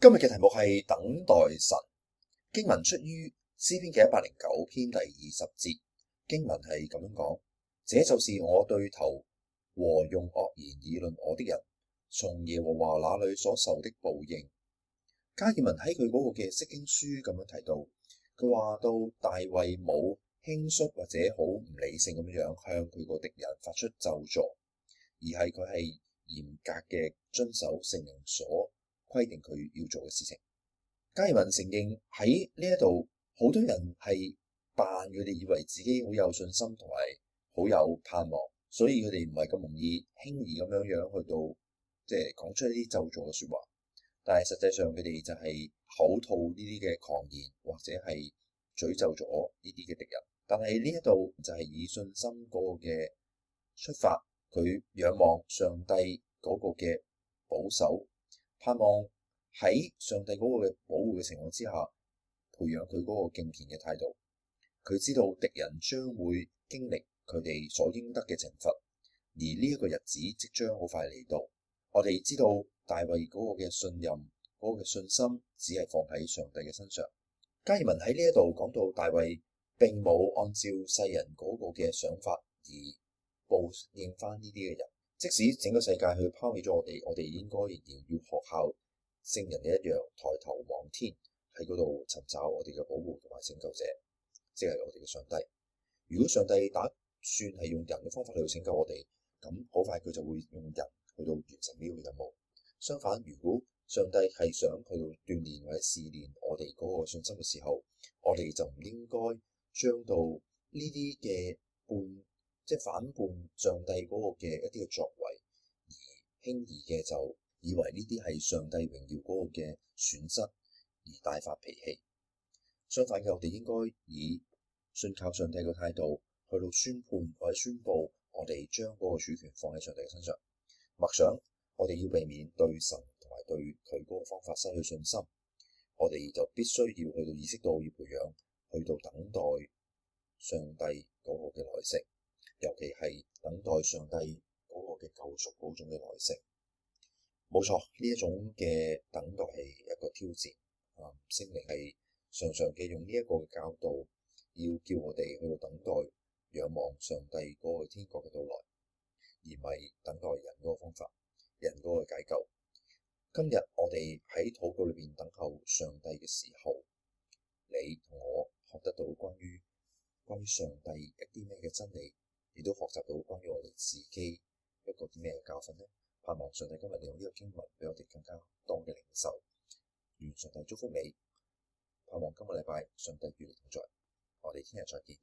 今日嘅題目係等待神。經文出於詩篇嘅一百零九篇第二十節，經文係咁樣講，這就是我對頭和用惡言議論我的人，從耶和華那裏所受的報應。加爾文喺佢嗰個嘅釋經書咁樣提到，佢話到大衛冇輕率或者好唔理性咁樣向佢個敵人發出咒詛，而係佢係嚴格嘅遵守聖靈所。規定佢要做嘅事情。加爾文承認喺呢一度，好多人係扮佢哋以為自己好有信心同埋好有盼望，所以佢哋唔係咁容易輕易咁樣樣去到即係講出一啲咒詛嘅説話。但係實際上佢哋就係口吐呢啲嘅狂言，或者係詛咒咗呢啲嘅敵人。但係呢一度就係以信心個嘅出發，佢仰望上帝嗰個嘅保守。盼望喺上帝嗰個嘅保護嘅情況之下，培養佢嗰個敬虔嘅態度。佢知道敵人將會經歷佢哋所應得嘅懲罰，而呢一個日子即將好快嚟到。我哋知道大衛嗰個嘅信任，嗰、嗰個嘅信心，只係放喺上帝嘅身上。加爾文喺呢一度講到，大衛並冇按照世人嗰個嘅想法而報應翻呢啲嘅人。即使整個世界去拋棄咗我哋，我哋應該仍然要學效聖人嘅一樣，抬頭望天，喺嗰度尋找我哋嘅保護同埋拯救者，即係我哋嘅上帝。如果上帝打算係用人嘅方法去到拯救我哋，咁好快佢就會用人去到完成呢個任務。相反，如果上帝係想去到鍛鍊或者試煉我哋嗰個信心嘅時候，我哋就唔應該將到呢啲嘅半。即係反叛上帝嗰個嘅一啲嘅作為，而輕易嘅就以為呢啲係上帝榮耀嗰個嘅損失，而大發脾氣，相反嘅，我哋應該以信靠上帝嘅態度去到宣判，或者宣布我哋將嗰個主權放喺上帝嘅身上。默想，我哋要避免對神同埋對佢嗰個方法失去信心，我哋就必須要去到意識到，要培養去到等待上帝嗰個嘅耐性。尤其係等待上帝嗰個嘅救贖嗰種嘅耐性，冇錯，呢一種嘅等待係一個挑戰。啊、嗯，聖靈係常常嘅用呢一個嘅教導，要叫我哋去到等待、仰望上帝過去天國嘅到來，而唔係等待人嗰個方法、人嗰個解救。今日我哋喺禱告裏邊等候上帝嘅時候，你同我學得到關於關於上帝一啲咩嘅真理？亦都學習到關於我哋自己一個啲咩嘅教訓呢？盼望上帝今日利用呢個經文俾我哋更加多嘅領受。願上帝祝福你，盼望今個禮拜上帝與你同在，我哋聽日再見。